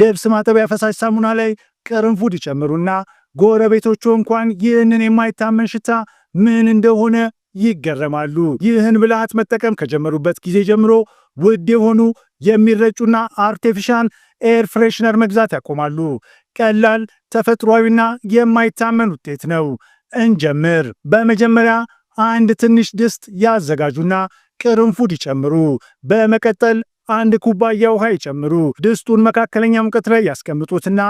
ልብስ ማጠቢያ ፈሳሽ ሳሙና ላይ ቅርንፉድ ይጨምሩና ጎረቤቶቹ እንኳን ይህንን የማይታመን ሽታ ምን እንደሆነ ይገረማሉ። ይህን ብልሃት መጠቀም ከጀመሩበት ጊዜ ጀምሮ ውድ የሆኑ የሚረጩና አርቴፊሻል ኤር ፍሬሽነር መግዛት ያቆማሉ። ቀላል ተፈጥሯዊና የማይታመን ውጤት ነው። እንጀምር። በመጀመሪያ አንድ ትንሽ ድስት ያዘጋጁና ቅርንፉድ ይጨምሩ። በመቀጠል አንድ ኩባያ ውሃ ይጨምሩ። ድስቱን መካከለኛ ሙቀት ላይ ያስቀምጡትና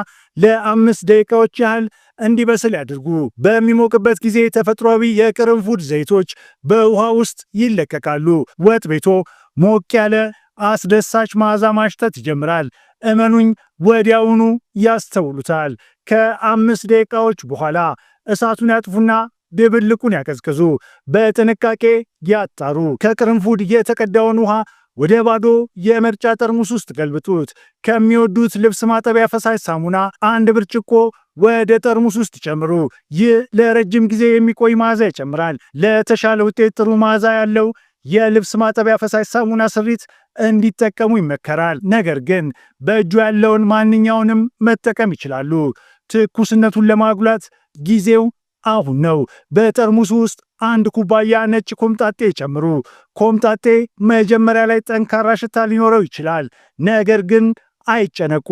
ለአምስት ደቂቃዎች ያህል እንዲበስል ያድርጉ። በሚሞቅበት ጊዜ ተፈጥሯዊ የቅርንፉድ ዘይቶች በውሃ ውስጥ ይለቀቃሉ። ወጥ ቤቶ ሞቅ ያለ አስደሳች መዓዛ ማሽተት ይጀምራል። እመኑኝ ወዲያውኑ ያስተውሉታል። ከአምስት ደቂቃዎች በኋላ እሳቱን ያጥፉና ድብልቁን ያቀዝቅዙ። በጥንቃቄ ያጣሩ። ከቅርንፉድ የተቀዳውን ውሃ ወደ ባዶ የመርጫ ጠርሙስ ውስጥ ገልብጡት። ከሚወዱት ልብስ ማጠቢያ ፈሳሽ ሳሙና አንድ ብርጭቆ ወደ ጠርሙስ ውስጥ ጨምሩ። ይህ ለረጅም ጊዜ የሚቆይ መዓዛ ይጨምራል። ለተሻለ ውጤት ጥሩ መዓዛ ያለው የልብስ ማጠቢያ ፈሳሽ ሳሙና ስሪት እንዲጠቀሙ ይመከራል። ነገር ግን በእጁ ያለውን ማንኛውንም መጠቀም ይችላሉ። ትኩስነቱን ለማጉላት ጊዜው አሁን ነው። በጠርሙሱ ውስጥ አንድ ኩባያ ነጭ ኮምጣጤ ጨምሩ። ኮምጣጤ መጀመሪያ ላይ ጠንካራ ሽታ ሊኖረው ይችላል፣ ነገር ግን አይጨነቁ፣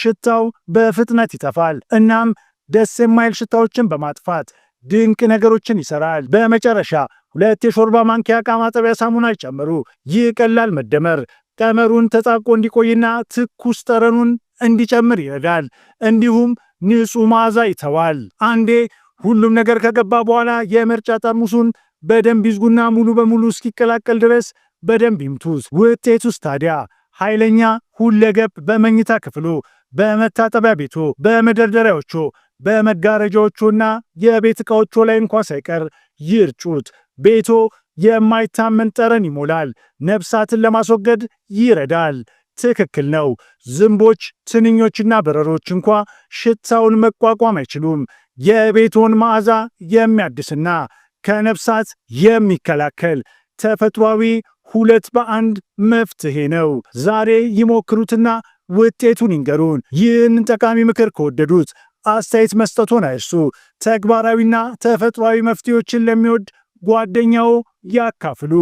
ሽታው በፍጥነት ይጠፋል። እናም ደስ የማይል ሽታዎችን በማጥፋት ድንቅ ነገሮችን ይሰራል። በመጨረሻ ሁለት የሾርባ ማንኪያ ዕቃ ማጠቢያ ሳሙና ይጨምሩ። ይህ ቀላል መደመር ቀመሩን ተጣብቆ እንዲቆይና ትኩስ ጠረኑን እንዲጨምር ይረዳል። እንዲሁም ንጹህ መዓዛ ይተዋል። አንዴ ሁሉም ነገር ከገባ በኋላ የመርጫ ጠርሙሱን በደንብ ይዝጉና ሙሉ በሙሉ እስኪቀላቀል ድረስ በደንብ ይምቱት። ውጤቱስ ታዲያ ኃይለኛ ሁለገብ በመኝታ ክፍሉ፣ በመታጠቢያ ቤቱ፣ በመደርደሪያዎቹ፣ በመጋረጃዎቹና የቤት ዕቃዎቹ ላይ እንኳ ሳይቀር ይርጩት። ቤቶ የማይታመን ጠረን ይሞላል። ነፍሳትን ለማስወገድ ይረዳል። ትክክል ነው። ዝንቦች፣ ትንኞችና በረሮች እንኳ ሽታውን መቋቋም አይችሉም። የቤቶን መዓዛ የሚያድስና ከነፍሳት የሚከላከል ተፈጥሯዊ ሁለት በአንድ መፍትሄ ነው። ዛሬ ይሞክሩትና ውጤቱን ይንገሩን። ይህን ጠቃሚ ምክር ከወደዱት አስተያየት መስጠቶን አይርሱ። ተግባራዊና ተፈጥሯዊ መፍትሄዎችን ለሚወድ ጓደኛው ያካፍሉ።